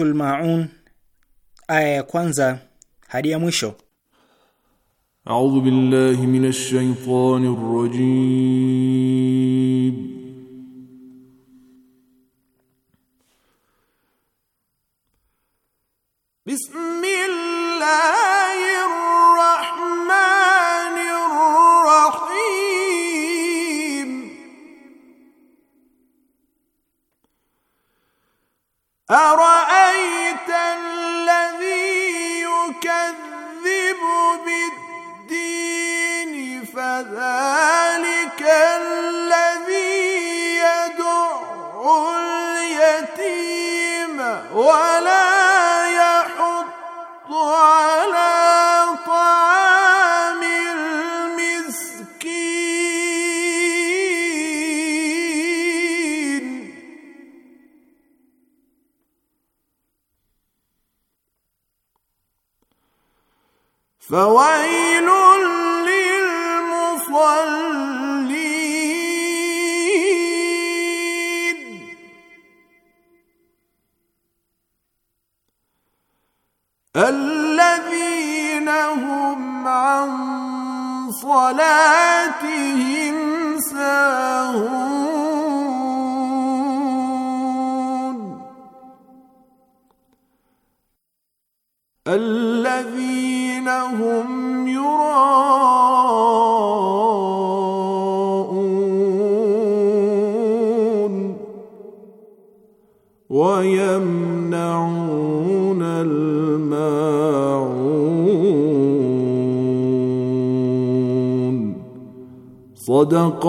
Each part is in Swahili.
Suratul Maun aya ya kwanza hadi ya mwisho. A'udhu billahi minash shaitani rrajim صدق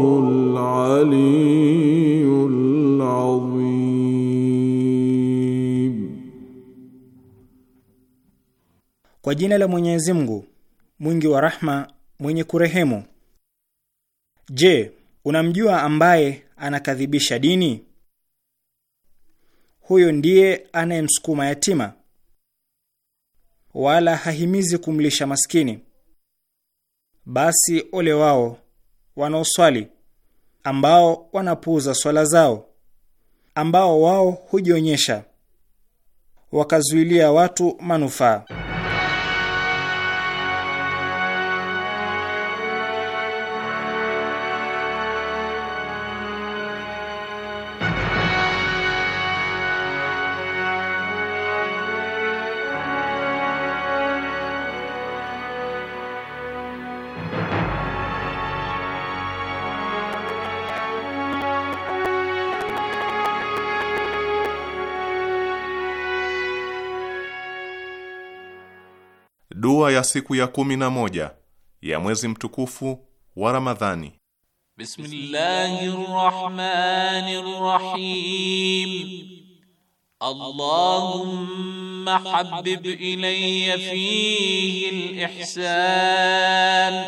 الله العلي العظيم Kwa jina la Mwenyezi Mungu mwingi wa rahma mwenye kurehemu. Je, unamjua ambaye anakadhibisha dini? Huyo ndiye anayemsukuma yatima, wala hahimizi kumlisha maskini basi ole wao wanaoswali, ambao wanapuuza swala zao, ambao wao hujionyesha, wakazuilia watu manufaa. ya siku ya kumi na moja ya mwezi mtukufu wa Ramadhani. Bismillahirrahmanirrahim. Allahumma habbib ilayya fihi al-ihsan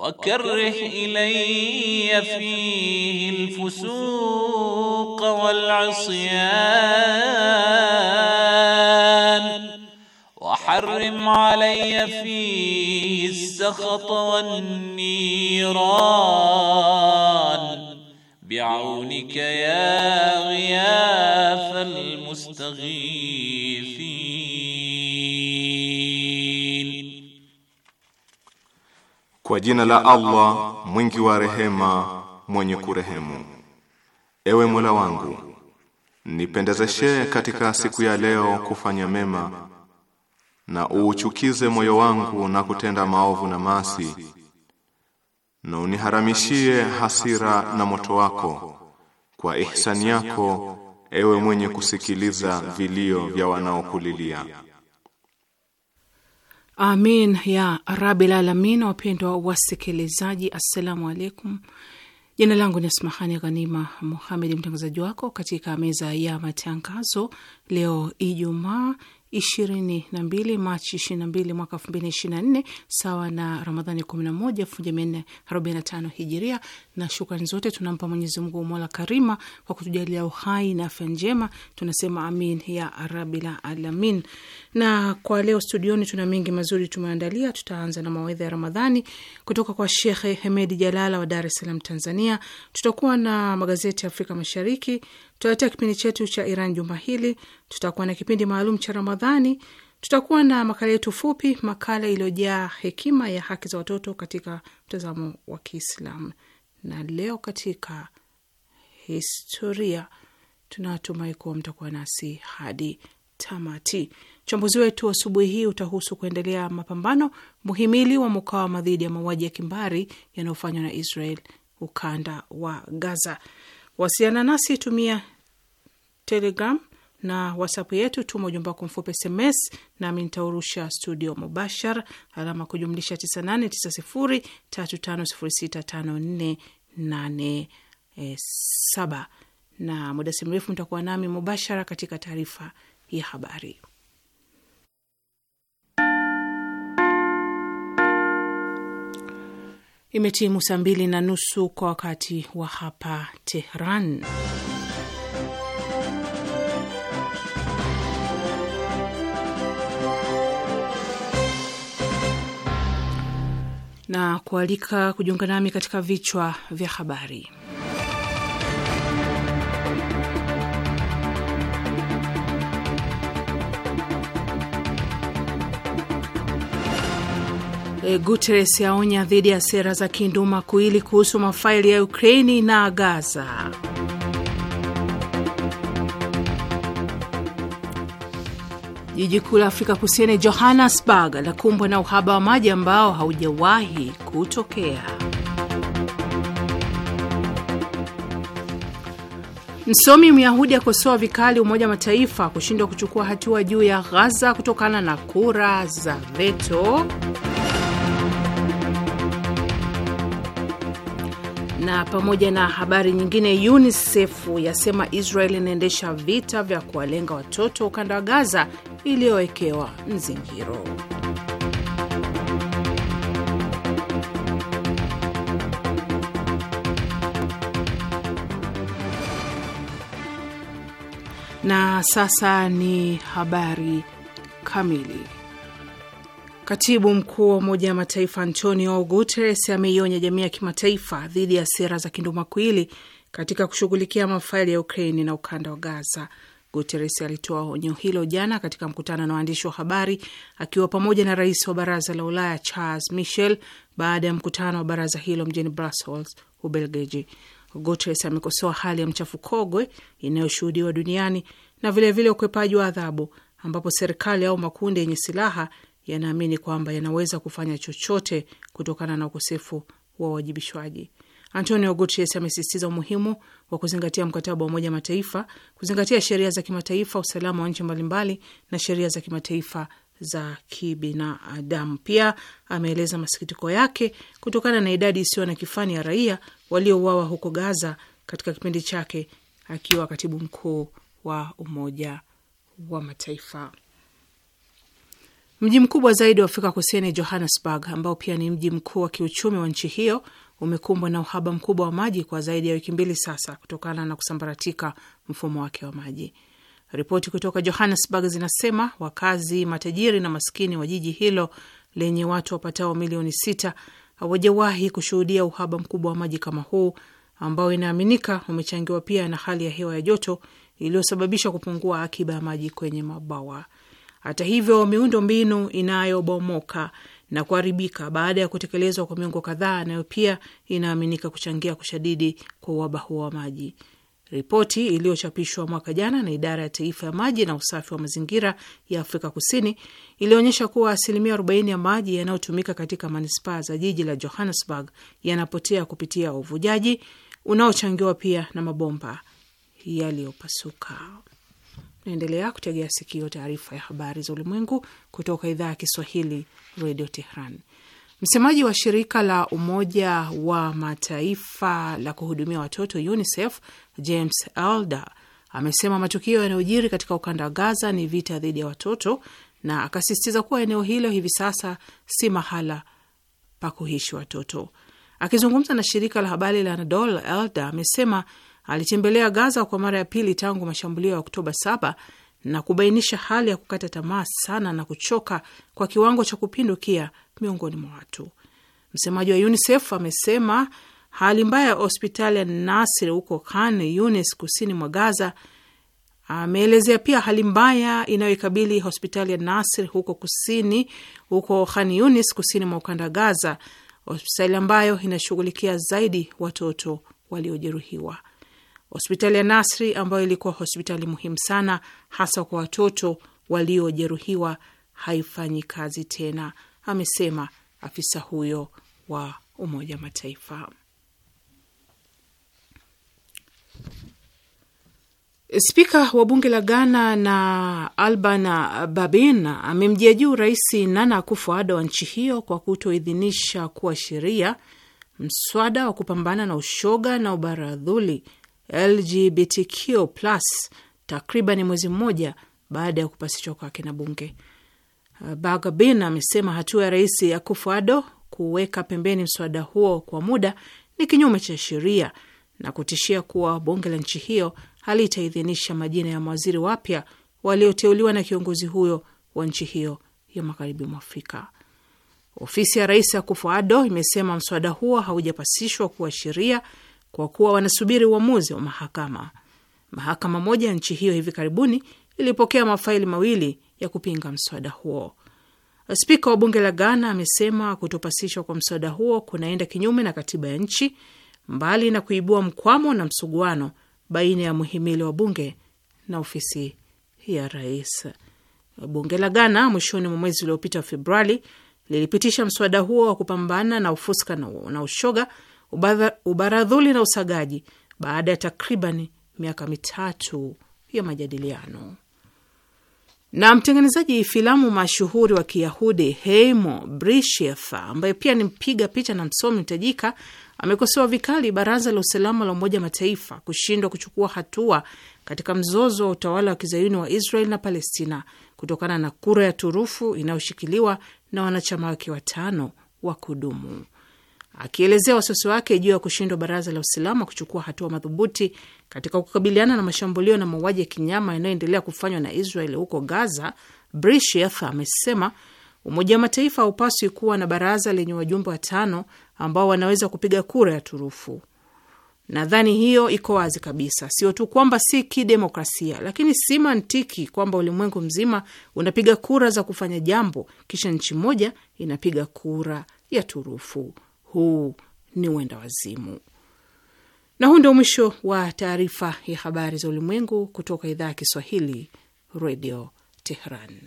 wa karrih ilayya fihi al-fusuq wal-'isyan حرم علي فيه السخط والنيران بعونك يا غياث المستغيثين Kwa jina la Allah mwingi wa rehema mwenye kurehemu Ewe Mola wangu nipendezeshe katika siku ya leo kufanya mema na uuchukize moyo wangu na kutenda maovu na maasi, na uniharamishie hasira na moto wako kwa ihsani yako, ewe mwenye kusikiliza vilio vya wanaokulilia. Amin ya rabil Alamin. Wapendwa wasikilizaji, assalamu alaikum. Jina langu ni Asmahani Ghanima Muhamedi, mtangazaji wako katika meza ya matangazo leo Ijumaa 22 Machi 22 mwaka 2024 sawa na Ramadhani 11 1445 Hijiria. Na shukrani zote tunampa Mwenyezi Mungu mola karima kwa kutujalia uhai na afya njema, tunasema amin ya rabbil alamin. Na kwa leo studioni tuna mengi mazuri tumeandalia. Tutaanza na mawaidha ya Ramadhani kutoka kwa Shekhe Hemedi Jalala wa Dar es Salaam, Tanzania. Tutakuwa na magazeti ya Afrika Mashariki tutaletea kipindi chetu cha Iran juma hili. Tutakuwa na kipindi maalum cha Ramadhani, tutakuwa na makala yetu fupi, makala iliyojaa hekima ya haki za watoto katika mtazamo wa Kiislamu. Na leo katika historia, tunatumai kuwa mtakuwa nasi hadi tamati. Uchambuzi wetu asubuhi hii utahusu kuendelea mapambano muhimili wa mukawama dhidi ya mauaji ya kimbari yanayofanywa na Israel ukanda wa Gaza. Wasiana nasi, tumia Telegram na WhatsApp yetu, tuma ujumbe wako mfupi SMS nami nitaurusha studio mubashara, alama kujumlisha 989035065487 eh, na muda si mrefu mtakuwa nami mubashara katika taarifa ya habari. Imetimu saa mbili na nusu kwa wakati wa hapa Tehran. Na kualika kujiunga nami katika vichwa vya habari. Eh, guteres yaonya dhidi ya sera za kinduma kuili kuhusu mafaili ya Ukraini na Gaza. Jiji kuu la Afrika Kusini, Johannesburg, lakumbwa na uhaba wa maji ambao haujawahi kutokea. Msomi Myahudi akosoa vikali Umoja wa Mataifa kushindwa kuchukua hatua juu ya Ghaza kutokana na kura za veto. na pamoja na habari nyingine, UNICEF yasema Israel inaendesha vita vya kuwalenga watoto ukanda wa Gaza iliyowekewa mzingiro. Na sasa ni habari kamili. Katibu mkuu wa Umoja wa Mataifa Antonio Guterres ameionya jamii ya kimataifa dhidi ya sera za kindumakwili katika kushughulikia mafaili ya Ukraini na ukanda wa Gaza. Guterres alitoa onyo hilo jana katika mkutano na waandishi wa habari akiwa pamoja na rais wa baraza la Ulaya Charles Michel baada ya mkutano wa baraza hilo mjini Brussels, Ubelgiji. Guterres amekosoa hali ya mchafukogwe inayoshuhudiwa duniani na vilevile ukwepaji wa adhabu ambapo serikali au makundi yenye silaha yanaamini kwamba yanaweza kufanya chochote kutokana na ukosefu wa uwajibishwaji. Antonio Guterres amesisitiza umuhimu wa kuzingatia mkataba wa Umoja wa Mataifa, kuzingatia sheria za kimataifa, usalama wa nchi mbalimbali na sheria za kimataifa za kibinadamu. Pia ameeleza masikitiko yake kutokana na idadi isiyo na kifani ya raia waliouawa huko Gaza katika kipindi chake akiwa katibu mkuu wa Umoja wa Mataifa. Mji mkubwa zaidi wa Afrika Kusini, Johannesburg, ambao pia ni mji mkuu wa kiuchumi wa nchi hiyo, umekumbwa na uhaba mkubwa wa maji kwa zaidi ya wiki mbili sasa kutokana na kusambaratika mfumo wake wa maji. Ripoti kutoka Johannesburg zinasema wakazi matajiri na maskini wa jiji hilo lenye watu wapatao milioni sita hawajawahi kushuhudia uhaba mkubwa wa maji kama huu, ambao inaaminika umechangiwa pia na hali ya hewa ya joto iliyosababisha kupungua akiba ya maji kwenye mabawa. Hata hivyo, miundo mbinu inayobomoka na kuharibika baada ya kutekelezwa kwa miongo kadhaa, nayo pia inaaminika kuchangia kushadidi kwa uhaba huo wa maji. Ripoti iliyochapishwa mwaka jana na idara ya taifa ya maji na usafi wa mazingira ya Afrika Kusini ilionyesha kuwa asilimia 40 ya maji yanayotumika katika manispaa za jiji la Johannesburg yanapotea kupitia uvujaji unaochangiwa pia na mabomba yaliyopasuka. Naendelea kutegea sikio taarifa ya habari za ulimwengu kutoka idhaa ya Kiswahili, redio Tehran. Msemaji wa shirika la Umoja wa Mataifa la kuhudumia watoto UNICEF James Elder amesema matukio yanayojiri katika ukanda wa Gaza ni vita dhidi ya watoto, na akasisitiza kuwa eneo hilo hivi sasa si mahala pa kuishi watoto. Akizungumza na shirika la habari la Anadolu, Elder amesema alitembelea Gaza kwa mara ya pili tangu mashambulio ya Oktoba 7 na kubainisha hali ya kukata tamaa sana na kuchoka kwa kiwango cha kupindukia miongoni mwa watu. Msemaji wa UNICEF amesema hali mbaya ya hospitali ya Nasr huko Khan Yunis, kusini mwa Gaza. Ameelezea pia hali mbaya inayoikabili hospitali ya Nasr huko kusini huko Khan Yunis, kusini mwa ukanda Gaza, hospitali ambayo inashughulikia zaidi watoto waliojeruhiwa. Hospitali ya Nasri ambayo ilikuwa hospitali muhimu sana hasa kwa watoto waliojeruhiwa haifanyi kazi tena, amesema afisa huyo wa Umoja wa Mataifa. Spika wa bunge la Ghana na alban Babin amemjia juu Rais Nana Akufo-Addo wa nchi hiyo kwa kutoidhinisha kuwa sheria mswada wa kupambana na ushoga na ubaradhuli LGBTQ+ takriban mwezi mmoja baada ya kupasishwa kwake na bunge. Uh, Bagabin amesema hatua ya Rais Akufo-Addo kuweka pembeni mswada huo kwa muda ni kinyume cha sheria na kutishia kuwa bunge la nchi hiyo halitaidhinisha majina ya mawaziri wapya walioteuliwa na kiongozi huyo wa nchi hiyo ya magharibi mwa Afrika. Ofisi ya Rais Akufo-Addo imesema mswada huo haujapasishwa kuwa sheria kwa kuwa wanasubiri uamuzi wa mahakama. Mahakama moja ya nchi hiyo hivi karibuni ilipokea mafaili mawili ya kupinga mswada huo. Spika wa bunge la Ghana amesema kutopasishwa kwa mswada huo kunaenda kinyume na katiba ya nchi, mbali na kuibua mkwamo na msuguano baina ya mhimili wa bunge na ofisi ya rais. Bunge la Ghana mwishoni mwa mwezi uliopita wa Februari lilipitisha mswada huo wa kupambana na ufuska na ushoga ubaradhuli na usagaji baada ya takriban miaka mitatu ya majadiliano. Na mtengenezaji filamu mashuhuri wa Kiyahudi Heimo Brishef, ambaye pia ni mpiga picha na msomi mtajika, amekosoa vikali Baraza la Usalama la Umoja Mataifa kushindwa kuchukua hatua katika mzozo wa utawala wa kizayuni wa Israel na Palestina kutokana na kura ya turufu inayoshikiliwa na wanachama wake watano wa kudumu akielezea wasiwasi wake juu ya kushindwa baraza la usalama kuchukua hatua madhubuti katika kukabiliana na mashambulio na mauaji ya kinyama yanayoendelea kufanywa na Israel huko Gaza, Brisheth amesema Umoja wa Mataifa haupaswi kuwa na baraza lenye wajumbe watano ambao wanaweza kupiga kura ya turufu. Nadhani hiyo iko wazi kabisa, sio tu kwamba si kidemokrasia, lakini si mantiki kwamba ulimwengu mzima unapiga kura za kufanya jambo kisha nchi moja inapiga kura ya turufu huu ni uenda wazimu. Na huu ndio mwisho wa taarifa ya habari za ulimwengu kutoka idhaa ya Kiswahili, Redio teheran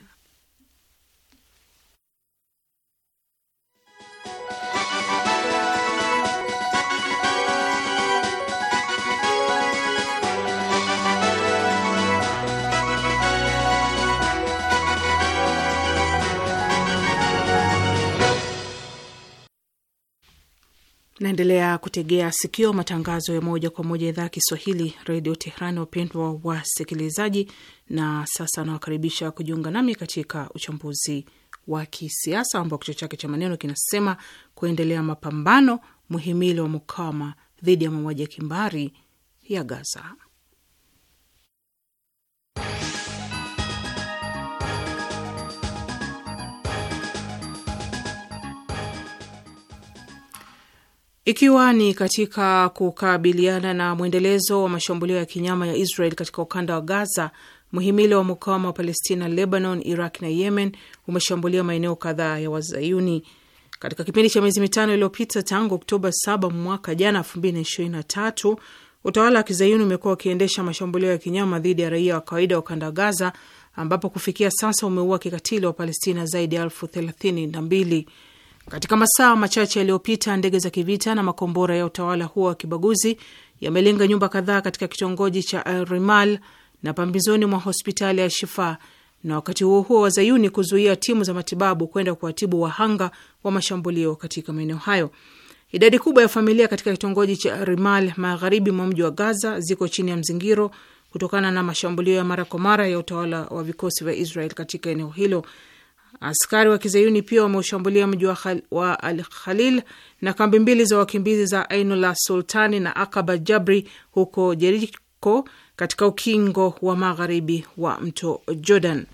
Naendelea kutegea sikio matangazo ya moja kwa moja idhaa ya Kiswahili redio Tehrani, wapendwa wasikilizaji. Na sasa anawakaribisha kujiunga nami katika uchambuzi wa kisiasa ambao kichwa chake cha maneno kinasema kuendelea mapambano muhimili wa mukawama dhidi ya mauaji ya kimbari ya Gaza. ikiwa ni katika kukabiliana na mwendelezo wa mashambulio ya kinyama ya Israel katika ukanda wa Gaza. Mhimili wa mukawama wa Palestina, Lebanon, Iraq na Yemen umeshambulia maeneo kadhaa ya Wazayuni katika kipindi cha miezi mitano iliyopita tangu Oktoba 7 mwaka jana 2023. Utawala wa kizayuni umekuwa ukiendesha mashambulio ya kinyama dhidi ya raia wa kawaida wa ukanda wa Gaza, ambapo kufikia sasa umeua kikatili wa Palestina zaidi ya elfu thelathini na mbili. Katika masaa machache yaliyopita, ndege za kivita na makombora ya utawala huo wa kibaguzi yamelenga nyumba kadhaa katika kitongoji cha Rimal na pambizoni mwa hospitali ya Shifa, na wakati huo huo wazayuni kuzuia timu za matibabu kwenda kuwatibu wahanga wa mashambulio katika maeneo hayo. Idadi kubwa ya familia katika kitongoji cha Rimal magharibi mwa mji wa Gaza ziko chini ya mzingiro kutokana na mashambulio ya mara kwa mara ya utawala wa vikosi vya Israel katika eneo hilo. Askari wa kizayuni pia wameushambulia mji wa Al Khalil na kambi mbili za wakimbizi za Ainula Sultani na Akaba Jabri huko Jeriko katika ukingo wa magharibi wa mto Jordan.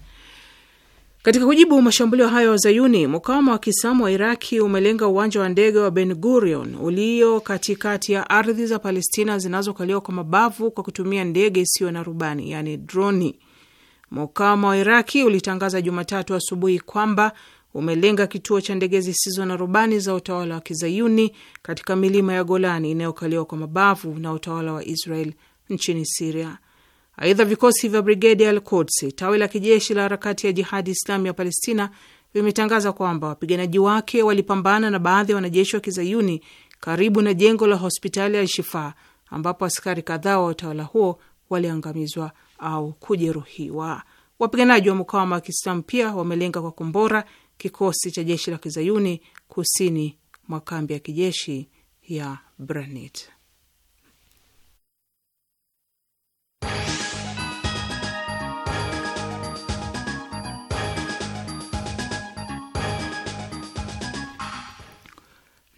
Katika kujibu mashambulio hayo Wazayuni, mkawama wa kisamu wa Iraki umelenga uwanja wa ndege wa Ben Gurion ulio katikati ya ardhi za Palestina zinazokaliwa kwa mabavu kwa kutumia ndege isiyo na rubani, yani droni. Mukawama wa Iraki ulitangaza Jumatatu asubuhi kwamba umelenga kituo cha ndege zisizo na rubani za utawala wa kizayuni katika milima ya Golani inayokaliwa kwa mabavu na utawala wa Israel nchini Siria. Aidha, vikosi vya Brigedi al Kudsi, tawi la kijeshi la harakati ya Jihadi Islami ya Palestina, vimetangaza kwamba wapiganaji wake walipambana na baadhi ya wanajeshi wa kizayuni karibu na jengo la hospitali ya Shifa ambapo askari kadhaa wa utawala huo waliangamizwa au kujeruhiwa. Wapiganaji wa mukawama wa Kiislamu pia wamelenga kwa kombora kikosi cha jeshi la kizayuni kusini mwa kambi ya kijeshi ya Branit.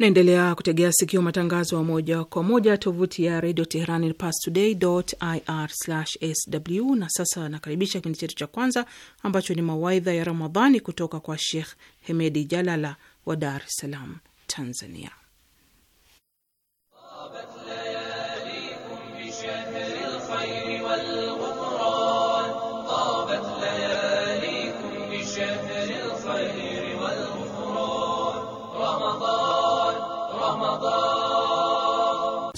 Naendelea kutegea sikio matangazo ya moja kwa moja tovuti ya redio Teherani parstoday.ir/sw. Na sasa nakaribisha kipindi chetu cha kwanza ambacho ni mawaidha ya Ramadhani kutoka kwa Sheikh Hemedi Jalala wa Dar es Salaam, Tanzania.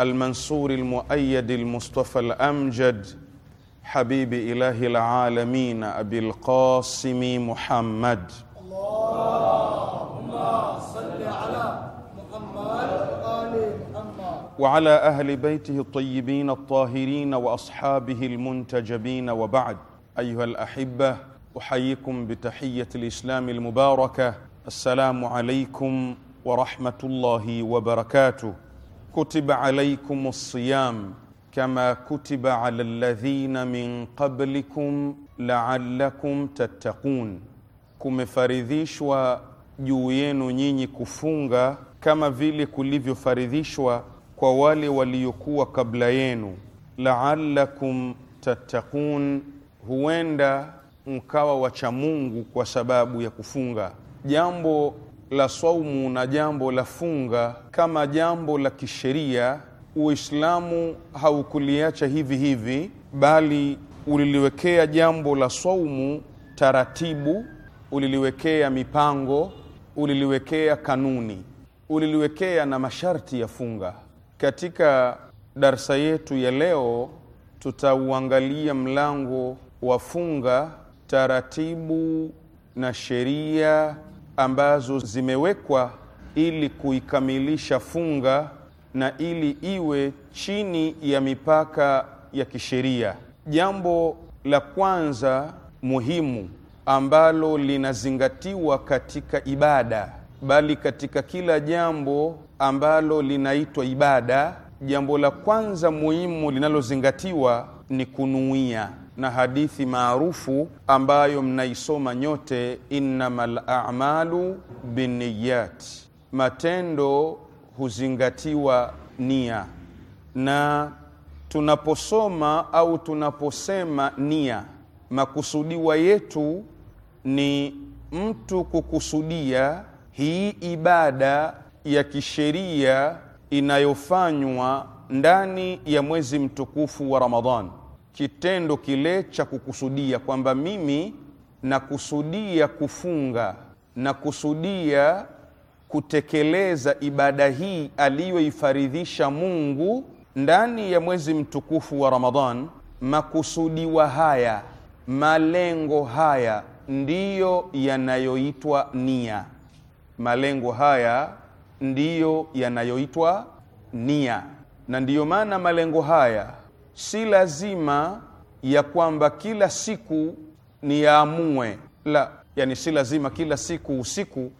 المنصور المؤيد المصطفى الامجد حبيب اله العالمين ابي القاسم محمد اللهم صل على محمد وال محمد وعلى اهل بيته الطيبين الطاهرين واصحابه المنتجبين وبعد ايها الاحبه احييكم بتحيه الاسلام المباركه السلام عليكم ورحمه الله وبركاته kutiba alaikum siyam kama kutiba ala alladhina min qablikum laallakum tattaqun, kumefaridhishwa juu yenu nyinyi kufunga kama vile kulivyofaridhishwa kwa wale waliokuwa kabla yenu. laalakum tattaqun, huenda mkawa wacha Mungu kwa sababu ya kufunga jambo la saumu na jambo la funga kama jambo la kisheria, Uislamu haukuliacha hivi hivi, bali uliliwekea jambo la saumu taratibu, uliliwekea mipango, uliliwekea kanuni, uliliwekea na masharti ya funga. Katika darsa yetu ya leo, tutauangalia mlango wa funga, taratibu na sheria ambazo zimewekwa ili kuikamilisha funga na ili iwe chini ya mipaka ya kisheria. Jambo la kwanza muhimu ambalo linazingatiwa katika ibada, bali katika kila jambo ambalo linaitwa ibada, jambo la kwanza muhimu linalozingatiwa ni kunuia na hadithi maarufu ambayo mnaisoma nyote, innama lamalu biniyat matendo huzingatiwa nia. Na tunaposoma au tunaposema nia, makusudiwa yetu ni mtu kukusudia hii ibada ya kisheria inayofanywa ndani ya mwezi mtukufu wa Ramadhani kitendo kile cha kukusudia kwamba mimi nakusudia kufunga, nakusudia kutekeleza ibada hii aliyoifaridhisha Mungu ndani ya mwezi mtukufu wa Ramadhan. Makusudiwa haya, malengo haya ndiyo yanayoitwa nia. Malengo haya ndiyo yanayoitwa nia, na ndiyo maana malengo haya si lazima ya kwamba kila siku niamue la, yani si lazima kila siku usiku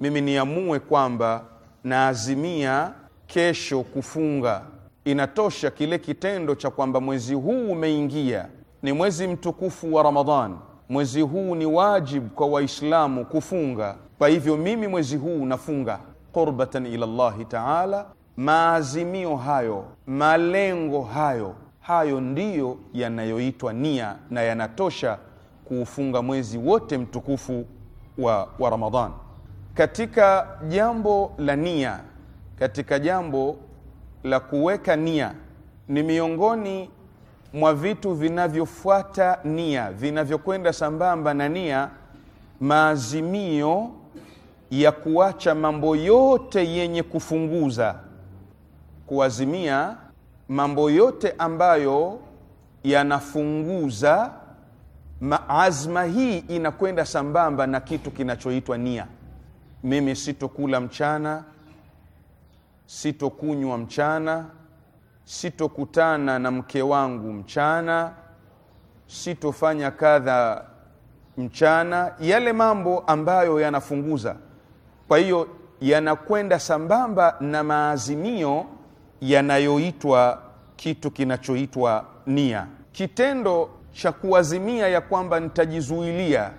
mimi niamue kwamba naazimia kesho kufunga. Inatosha kile kitendo cha kwamba mwezi huu umeingia, ni mwezi mtukufu wa Ramadhan. Mwezi huu ni wajibu kwa Waislamu kufunga, kwa hivyo mimi mwezi huu nafunga qurbatan ila Allahi taala. Maazimio hayo, malengo hayo Hayo ndiyo yanayoitwa nia na yanatosha kuufunga mwezi wote mtukufu wa, wa Ramadhan. Katika jambo la nia, katika jambo la kuweka nia, ni miongoni mwa vitu vinavyofuata nia, vinavyokwenda sambamba na nia, maazimio ya kuacha mambo yote yenye kufunguza, kuazimia mambo yote ambayo yanafunguza maazma hii inakwenda sambamba na kitu kinachoitwa nia. Mimi sitokula mchana, sitokunywa mchana, sitokutana na mke wangu mchana, sitofanya kadha mchana, yale mambo ambayo yanafunguza. Kwa hiyo yanakwenda sambamba na maazimio yanayoitwa kitu kinachoitwa nia, kitendo cha kuazimia ya kwamba nitajizuilia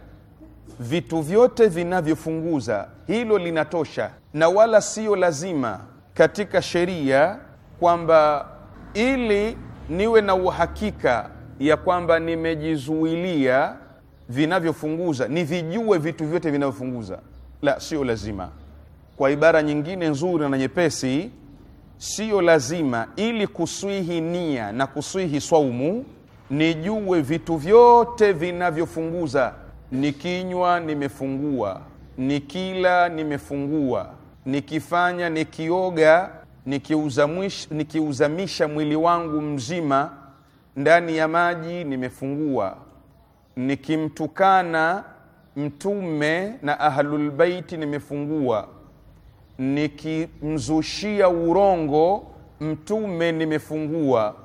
vitu vyote vinavyofunguza. Hilo linatosha, na wala siyo lazima katika sheria kwamba ili niwe na uhakika ya kwamba nimejizuilia vinavyofunguza nivijue vitu vyote vinavyofunguza. La, sio lazima. Kwa ibara nyingine nzuri na nyepesi siyo lazima ili kuswihi nia na kuswihi swaumu nijue vitu vyote vinavyofunguza. Nikinywa nimefungua, nikila nimefungua, nikifanya, nikioga, nikiuzamisha mwili wangu mzima ndani ya maji nimefungua, nikimtukana Mtume na Ahlulbeiti nimefungua nikimzushia urongo mtume nimefungua,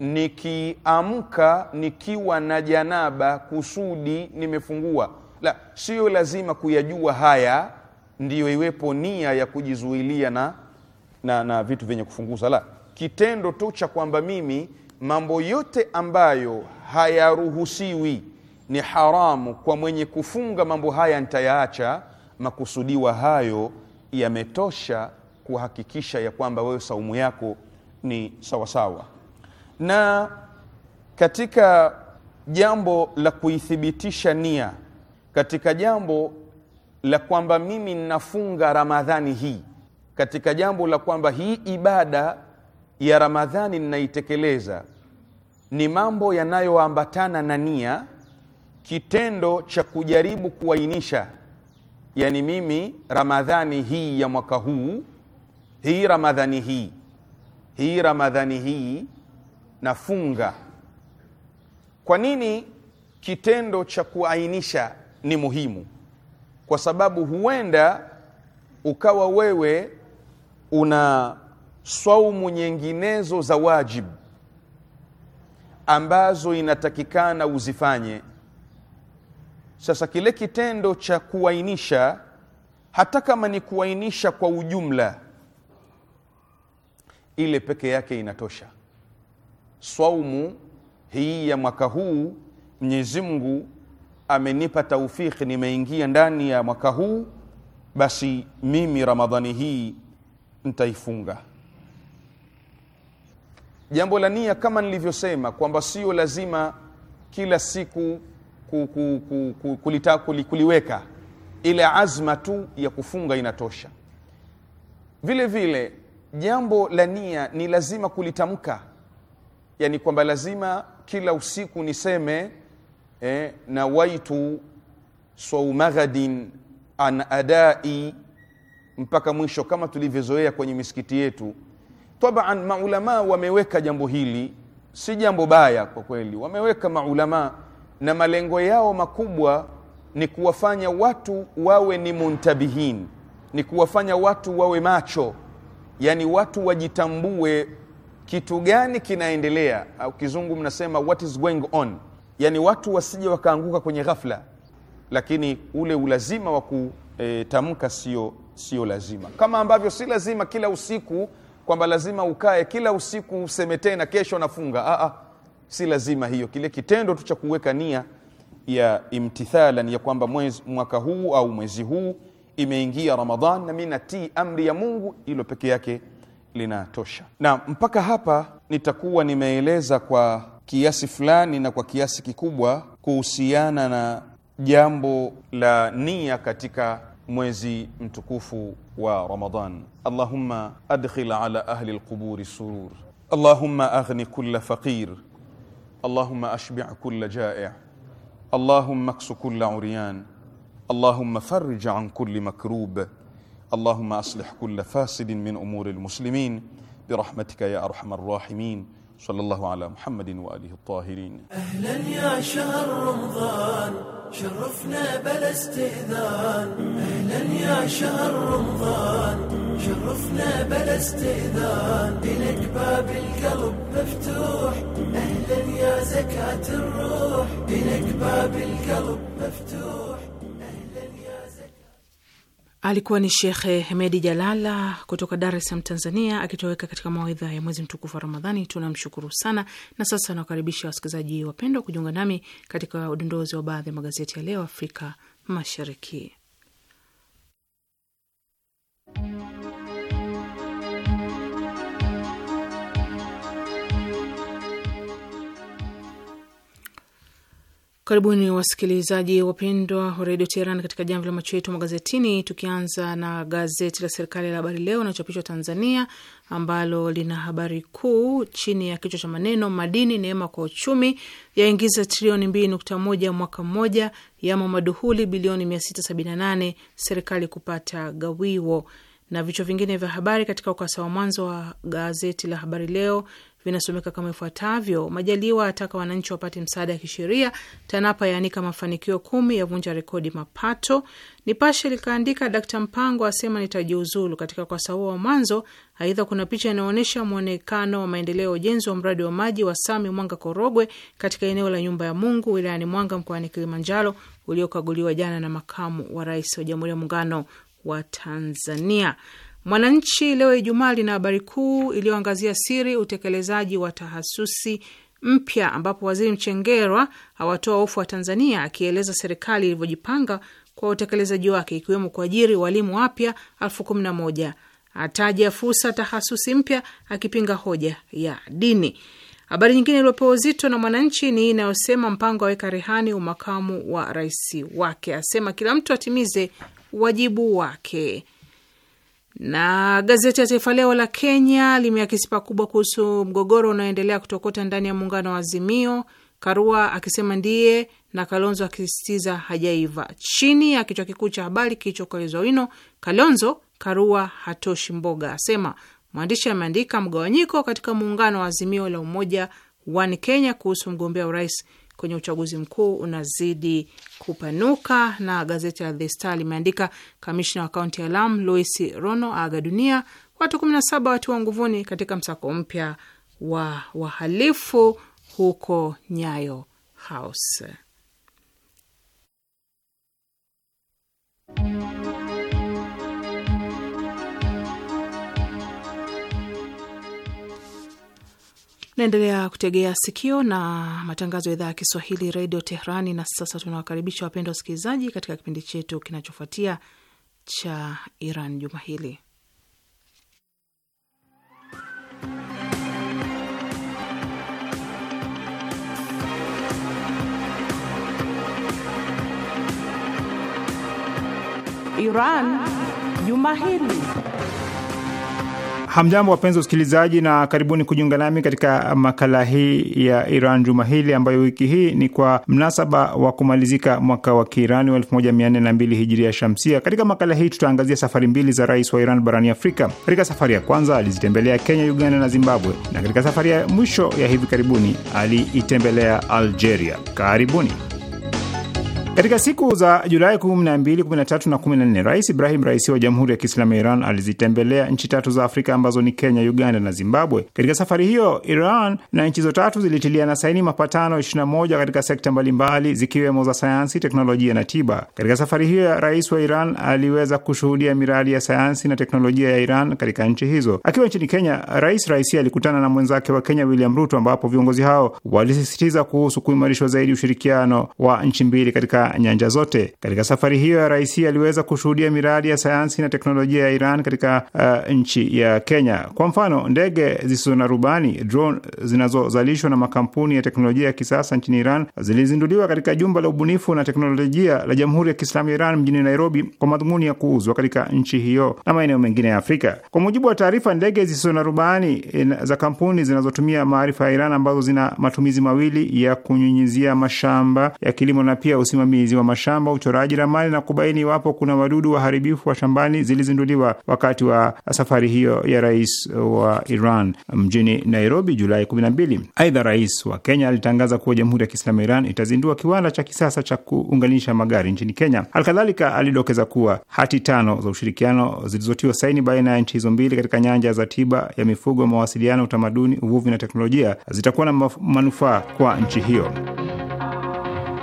nikiamka nikiwa na janaba kusudi nimefungua. La, siyo lazima kuyajua haya ndiyo iwepo nia ya kujizuilia na, na, na vitu vyenye kufunguza. La, kitendo tu cha kwamba mimi mambo yote ambayo hayaruhusiwi ni haramu kwa mwenye kufunga mambo haya, nitayaacha makusudiwa hayo yametosha kuhakikisha ya kwamba wewe saumu yako ni sawasawa. Na katika jambo la kuithibitisha nia, katika jambo la kwamba mimi ninafunga Ramadhani hii, katika jambo la kwamba hii ibada ya Ramadhani ninaitekeleza, ni mambo yanayoambatana na nia, kitendo cha kujaribu kuainisha yani mimi Ramadhani hii ya mwaka huu hii Ramadhani hii hii Ramadhani hii nafunga. Kwa nini kitendo cha kuainisha ni muhimu? Kwa sababu huenda ukawa wewe una swaumu nyinginezo za wajibu ambazo inatakikana uzifanye sasa kile kitendo cha kuainisha, hata kama ni kuainisha kwa ujumla, ile peke yake inatosha. Swaumu hii ya mwaka huu, Mwenyezi Mungu amenipa taufiki, nimeingia ndani ya mwaka huu, basi mimi Ramadhani hii nitaifunga. Jambo la nia, kama nilivyosema kwamba sio lazima kila siku ku, ku, ku, ku, kulita, kuliweka ile azma tu ya kufunga inatosha. Vile vile jambo la nia ni lazima kulitamka, yani kwamba lazima kila usiku niseme eh, nawaitu swaumaghadin an adai mpaka mwisho, kama tulivyozoea kwenye misikiti yetu. Taban maulamaa wameweka jambo hili, si jambo baya kwa kweli, wameweka maulamaa na malengo yao makubwa ni kuwafanya watu wawe ni muntabihin, ni kuwafanya watu wawe macho, yani watu wajitambue kitu gani kinaendelea, au kizungu mnasema what is going on, yani watu wasije wakaanguka kwenye ghafla, lakini ule ulazima wa kutamka sio sio lazima, kama ambavyo si lazima kila usiku kwamba lazima ukae kila usiku useme tena kesho nafunga. ah si lazima hiyo, kile kitendo tu cha kuweka nia ya imtithalan ya kwamba mwezi mwaka huu au mwezi huu imeingia Ramadhan na mimi natii amri ya Mungu, hilo peke yake linatosha. Na mpaka hapa nitakuwa nimeeleza kwa kiasi fulani na kwa kiasi kikubwa kuhusiana na jambo la nia katika mwezi mtukufu wa Ramadhan. Allahumma adkhil ala ahli lquburi surur, Allahumma aghni kulla faqir اللهم اشبع كل جائع اللهم اكس كل عريان اللهم فرج عن كل مكروب اللهم اصلح كل فاسد من امور المسلمين برحمتك يا ارحم الراحمين صلى الله على محمد وآله الطاهرين أهلا يا شهر رمضان شرفنا بلا استئذان أهلا يا شهر رمضان شرفنا بلا استئذان إلك باب القلب مفتوح أهلا يا زكاة الروح إلك باب القلب مفتوح alikuwa ni Shekhe Hemedi Jalala kutoka Dar es Salaam, Tanzania, akitoweka katika mawaidha ya mwezi mtukufu wa Ramadhani. Tunamshukuru sana, na sasa anawakaribisha wasikilizaji wapendwa kujiunga nami katika udondozi wa baadhi ya magazeti ya leo Afrika Mashariki. Karibuni wasikilizaji wapendwa wa redio Teheran katika jamvi la macho yetu magazetini, tukianza na gazeti la serikali la Habari Leo linalochapishwa Tanzania, ambalo lina habari kuu chini ya kichwa cha maneno madini neema kwa uchumi, yaingiza trilioni mbili nukta moja mwaka mmoja, yamo maduhuli bilioni mia sita sabini na nane serikali kupata gawiwo na vichwa vingine vya habari katika ukurasa wa mwanzo wa gazeti la Habari Leo vinasomeka kama ifuatavyo: Majaliwa ataka wananchi wapate msaada ya kisheria. TANAPA yaanika mafanikio kumi ya vunja rekodi mapato. Nipashe likaandika Dkt Mpango asema nitajiuzulu katika kwa huo wa mwanzo. Aidha, kuna picha inaonyesha mwonekano wa maendeleo ya ujenzi wa mradi wa maji wa Sami Mwanga Korogwe katika eneo la Nyumba ya Mungu wilayani Mwanga mkoani Kilimanjaro uliokaguliwa jana na makamu wa rais wa Jamhuri ya Muungano wa Tanzania. Mwananchi leo Ijumaa lina habari kuu iliyoangazia siri utekelezaji wa tahasusi mpya ambapo waziri Mchengerwa awatoa hofu wa Tanzania akieleza serikali ilivyojipanga kwa utekelezaji wake ikiwemo kuajiri walimu wapya elfu kumi na moja. Ataja fursa tahasusi mpya akipinga hoja ya dini. Habari nyingine iliyopewa uzito na Mwananchi ni inayosema Mpango aweka rehani umakamu wa rais wake, asema kila mtu atimize wajibu wake. Na gazeti ya Taifa Leo la Kenya limeakisi pakubwa kuhusu mgogoro unaoendelea kutokota ndani ya muungano wa Azimio, Karua akisema ndiye na Kalonzo akisisitiza hajaiva. Chini ya kichwa kikuu cha habari kilichokolezwa wino, Kalonzo Karua hatoshi mboga, asema mwandishi ameandika mgawanyiko katika muungano wa Azimio la Umoja One Kenya kuhusu mgombea urais kwenye uchaguzi mkuu unazidi kupanuka. Na gazeti la The Star limeandika kamishna wa kaunti ya Lamu Louis Rono aga dunia, watu 17 watiwa nguvuni katika msako mpya wa wahalifu huko Nyayo House. Naendelea kutegea sikio na matangazo ya idhaa ya Kiswahili redio Teherani. Na sasa tunawakaribisha wapendwa wasikilizaji katika kipindi chetu kinachofuatia cha Iran juma hili. Iran juma hili. Hamjambo, wapenzi wasikilizaji, na karibuni kujiunga nami katika makala hii ya Iran juma hili, ambayo wiki hii ni kwa mnasaba wa kumalizika mwaka wa Kiirani wa 1402 hijiria shamsia. Katika makala hii tutaangazia safari mbili za rais wa Iran barani Afrika. Katika safari ya kwanza alizitembelea Kenya, Uganda na Zimbabwe, na katika safari ya mwisho ya hivi karibuni aliitembelea Algeria. Karibuni. Katika siku za Julai 12, 13 na 14, Rais Ibrahim Raisi wa Jamhuri ya Kiislamu ya Iran alizitembelea nchi tatu za Afrika ambazo ni Kenya, Uganda na Zimbabwe. Katika safari hiyo, Iran na nchi hizo tatu na saini mapatano 21 katika sekta mbalimbali zikiwemo za sayansi, teknolojia na tiba. Katika safari hiyo rais wa Iran aliweza kushuhudia miradi ya sayansi na teknolojia ya Iran katika nchi hizo. Akiwa nchini Kenya, Rais Raisi alikutana na mwenzake wa Kenya William Ruto, ambapo viongozi hao walisisitiza kuhusu kuimarishwa zaidi ushirikiano wa nchi mbili katika nyanja zote. Katika safari hiyo ya raisi aliweza kushuhudia miradi ya sayansi na teknolojia ya Iran katika uh, nchi ya Kenya. Kwa mfano, ndege zisizo na rubani drone zinazozalishwa na makampuni ya teknolojia ya kisasa nchini Iran zilizinduliwa katika jumba la ubunifu na teknolojia la Jamhuri ya Kiislamu ya Iran mjini Nairobi kwa madhumuni ya kuuzwa katika nchi hiyo na maeneo mengine ya Afrika. Kwa mujibu wa taarifa, ndege zisizo na rubani eh, za kampuni zinazotumia maarifa ya Iran ambazo zina matumizi mawili ya kunyunyizia mashamba ya kilimo na pia usimamizi uvamizi wa mashamba, uchoraji ramani na kubaini iwapo kuna wadudu waharibifu wa shambani zilizinduliwa wakati wa safari hiyo ya rais wa Iran mjini Nairobi Julai 12. Aidha, rais wa Kenya alitangaza kuwa Jamhuri ya Kiislamu ya Iran itazindua kiwanda cha kisasa cha kuunganisha magari nchini Kenya. Halikadhalika, alidokeza kuwa hati tano za ushirikiano zilizotiwa saini baina ya nchi hizo mbili katika nyanja za tiba ya mifugo, mawasiliano, utamaduni, uvuvi na teknolojia zitakuwa na manufaa kwa nchi hiyo.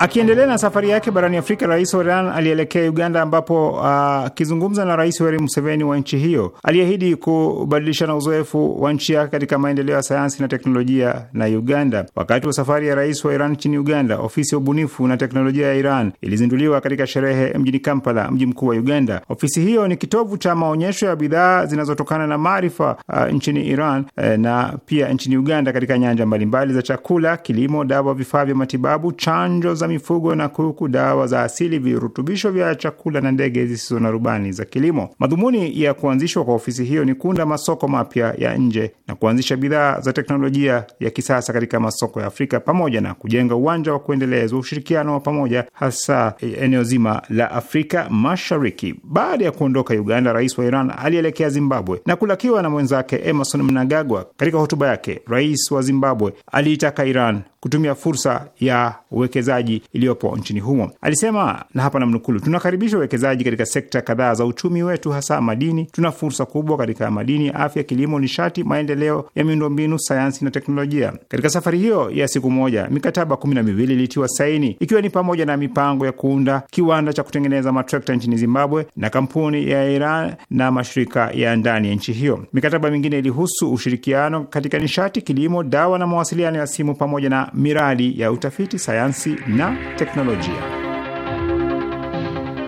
Akiendelea na safari yake barani Afrika, rais wa Iran alielekea Uganda, ambapo uh, akizungumza uh, na rais Yoweri Museveni wa nchi hiyo aliahidi kubadilishana uzoefu wa nchi yake katika maendeleo ya sayansi na teknolojia na Uganda. Wakati wa safari ya rais wa Iran nchini Uganda, ofisi ya ubunifu na teknolojia ya Iran ilizinduliwa katika sherehe mjini Kampala, mji mkuu wa Uganda. Ofisi hiyo ni kitovu cha maonyesho ya bidhaa zinazotokana na maarifa uh, nchini Iran uh, na pia nchini Uganda katika nyanja mbalimbali za chakula, kilimo, dawa, vifaa vya matibabu, chanjo za mifugo na kuku, dawa za asili, virutubisho vya chakula na ndege zisizo na rubani za kilimo. Madhumuni ya kuanzishwa kwa ofisi hiyo ni kuunda masoko mapya ya nje na kuanzisha bidhaa za teknolojia ya kisasa katika masoko ya Afrika pamoja na kujenga uwanja wa kuendeleza ushirikiano wa pamoja, hasa e, eneo zima la Afrika Mashariki. Baada ya kuondoka Uganda, rais wa Iran alielekea Zimbabwe na kulakiwa na mwenzake Emerson Mnangagwa. Katika hotuba yake, rais wa Zimbabwe aliitaka Iran kutumia fursa ya uwekezaji iliyopo nchini humo. Alisema, na hapa namnukulu tunakaribisha uwekezaji katika sekta kadhaa za uchumi wetu, hasa madini. Tuna fursa kubwa katika madini, afya, kilimo, nishati, maendeleo ya miundombinu, sayansi na teknolojia. Katika safari hiyo ya siku moja, mikataba kumi na miwili ilitiwa saini, ikiwa ni pamoja na mipango ya kuunda kiwanda cha kutengeneza matrekta nchini Zimbabwe na kampuni ya Iran na mashirika ya ndani ya nchi hiyo. Mikataba mingine ilihusu ushirikiano katika nishati, kilimo, dawa na mawasiliano ya simu pamoja na miradi ya utafiti, sayansi na na teknolojia.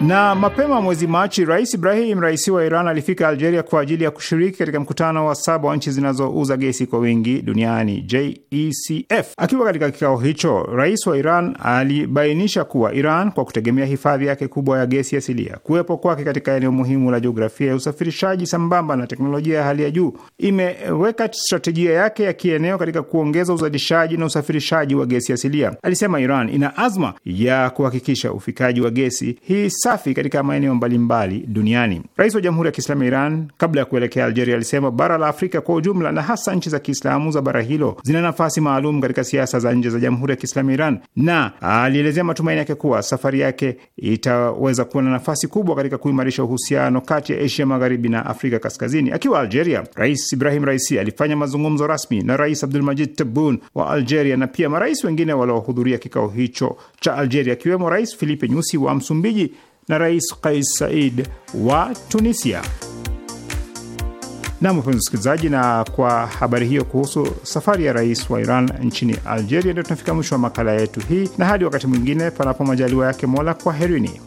Na mapema mwezi Machi, Rais Ibrahim Raisi wa Iran alifika Algeria kwa ajili ya kushiriki katika mkutano wa saba wa nchi zinazouza gesi kwa wingi duniani JECF. Akiwa katika kikao hicho, rais wa Iran alibainisha kuwa Iran, kwa kutegemea hifadhi yake kubwa ya gesi asilia, kuwepo kwake katika eneo muhimu la jiografia ya usafirishaji sambamba na teknolojia ya hali ya juu, imeweka strategia yake ya kieneo katika kuongeza uzalishaji na usafirishaji wa gesi asilia. Alisema Iran ina azma ya kuhakikisha ufikaji wa gesi hii safi katika maeneo mbalimbali duniani. Rais wa Jamhuri ya Kiislamu ya Iran kabla ya kuelekea Algeria alisema bara la Afrika kwa ujumla na hasa nchi za Kiislamu za bara hilo zina nafasi maalum katika siasa za nje za Jamhuri ya Kiislamu ya Iran, na alielezea matumaini yake kuwa safari yake itaweza kuwa na nafasi kubwa katika kuimarisha uhusiano kati ya Asia Magharibi na Afrika Kaskazini. Akiwa Algeria, Rais Ibrahim Raisi alifanya mazungumzo rasmi na Rais Abdulmajid Tebboune wa Algeria na pia marais wengine waliohudhuria kikao hicho cha Algeria, akiwemo Rais Filipe Nyusi wa Msumbiji na Rais Kais Said wa Tunisia. Nam mpenzi msikilizaji, na kwa habari hiyo kuhusu safari ya rais wa Iran nchini Algeria, ndio tunafika mwisho wa makala yetu hii, na hadi wakati mwingine, panapo majaliwa yake Mola, kwaherini.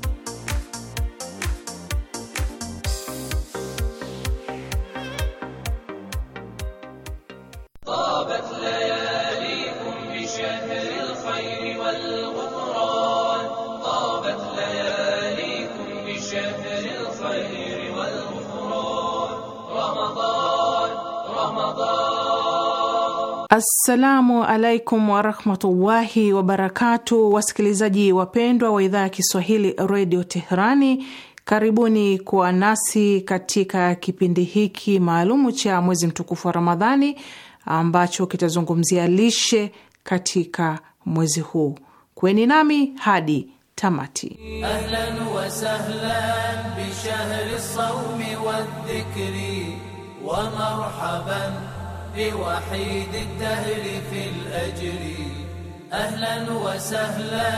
Assalamu alaikum warahmatullahi wabarakatu, wasikilizaji wapendwa wa idhaa ya Kiswahili redio Teherani, karibuni kuwa nasi katika kipindi hiki maalumu cha mwezi mtukufu wa Ramadhani ambacho kitazungumzia lishe katika mwezi huu. Kweni nami hadi tamati. Ahlan wa sahlan bi shahri wa marhaban لوحيد الدهر في الأجر أهلا وسهلا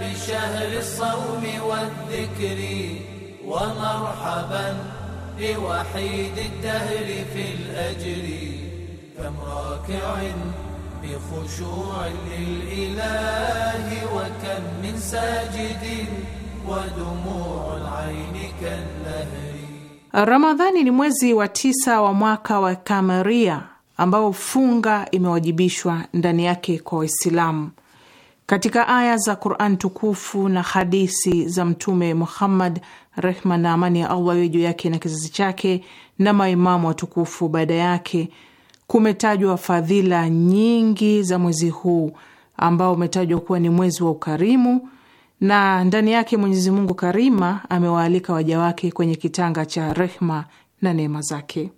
بشهر الصوم والذكر ومرحبا بوحيد الدهر في الأجر كم راكع بخشوع للإله وكم من ساجد ودموع العين كالنهر رمضان ni mwezi wa tisa wa mwaka wa kamaria ambao funga imewajibishwa ndani yake kwa Waislamu. Katika aya za Quran tukufu na hadisi za Mtume Muhammad, rehma na amani ya Allah iwe juu yake na kizazi chake na maimamu watukufu baada yake, kumetajwa fadhila nyingi za mwezi huu ambao umetajwa kuwa ni mwezi wa ukarimu, na ndani yake Mwenyezi Mungu karima amewaalika waja wake kwenye kitanga cha rehma na neema zake.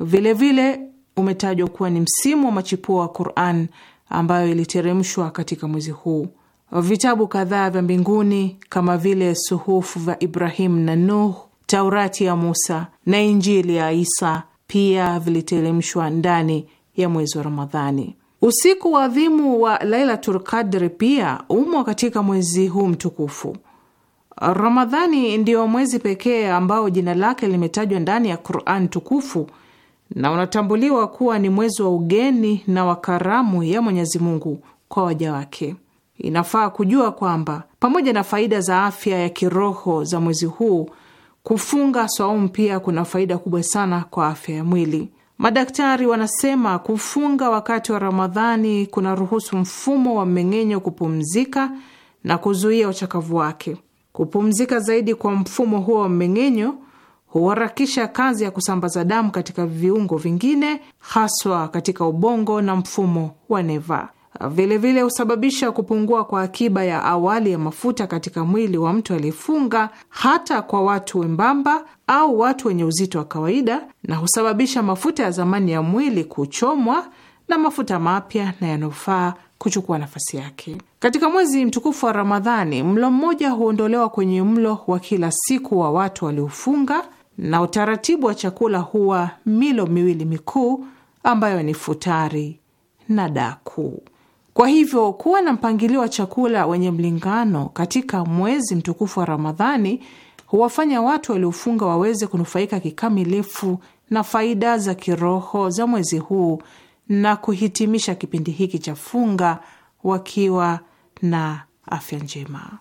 Vilevile umetajwa kuwa ni msimu wa machipuo wa Quran ambayo iliteremshwa katika mwezi huu. Vitabu kadhaa vya mbinguni kama vile suhufu vya Ibrahimu na Nuh, Taurati ya Musa na Injili ya Isa pia viliteremshwa ndani ya mwezi wa Ramadhani. Usiku wa adhimu wa Lailatul Qadri pia umo katika mwezi huu mtukufu. Ramadhani ndiyo mwezi pekee ambao jina lake limetajwa ndani ya Quran tukufu na unatambuliwa kuwa ni mwezi wa ugeni na wa karamu ya Mwenyezi Mungu kwa waja wake. Inafaa kujua kwamba pamoja na faida za afya ya kiroho za mwezi huu, kufunga swaumu pia kuna faida kubwa sana kwa afya ya mwili. Madaktari wanasema kufunga wakati wa Ramadhani kunaruhusu mfumo wa mmeng'enyo kupumzika na kuzuia uchakavu wake. Kupumzika zaidi kwa mfumo huo wa mmeng'enyo huharakisha kazi ya kusambaza damu katika viungo vingine, haswa katika ubongo na mfumo wa neva. Vilevile husababisha kupungua kwa akiba ya awali ya mafuta katika mwili wa mtu aliyefunga, hata kwa watu wembamba au watu wenye uzito wa kawaida, na husababisha mafuta ya zamani ya mwili kuchomwa na mafuta mapya na yanayofaa kuchukua nafasi yake. Katika mwezi mtukufu wa Ramadhani, mlo mmoja huondolewa kwenye mlo wa kila siku wa watu waliofunga na utaratibu wa chakula huwa milo miwili mikuu ambayo ni futari na daku. Kwa hivyo kuwa na mpangilio wa chakula wenye mlingano katika mwezi mtukufu wa Ramadhani huwafanya watu waliofunga waweze kunufaika kikamilifu na faida za kiroho za mwezi huu na kuhitimisha kipindi hiki cha funga wakiwa na afya njema.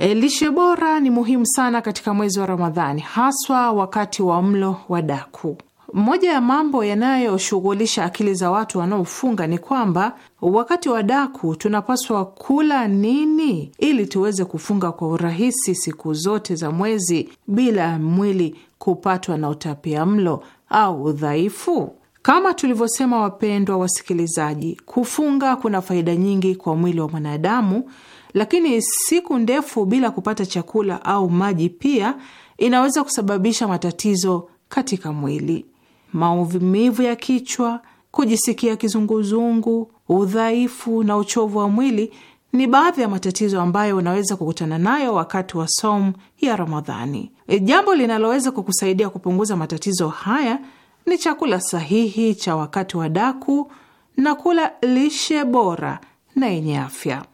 E, lishe bora ni muhimu sana katika mwezi wa Ramadhani, haswa wakati wa mlo wa daku. Moja ya mambo yanayoshughulisha akili za watu wanaofunga ni kwamba wakati wa daku tunapaswa kula nini ili tuweze kufunga kwa urahisi siku zote za mwezi bila mwili kupatwa na utapia mlo au udhaifu. Kama tulivyosema, wapendwa wasikilizaji, kufunga kuna faida nyingi kwa mwili wa mwanadamu lakini siku ndefu bila kupata chakula au maji pia inaweza kusababisha matatizo katika mwili: maumivu ya kichwa, kujisikia kizunguzungu, udhaifu na uchovu wa mwili ni baadhi ya matatizo ambayo unaweza kukutana nayo wakati wa somu ya Ramadhani. E, jambo linaloweza kukusaidia kupunguza matatizo haya ni chakula sahihi cha wakati wa daku na kula lishe bora na yenye afya.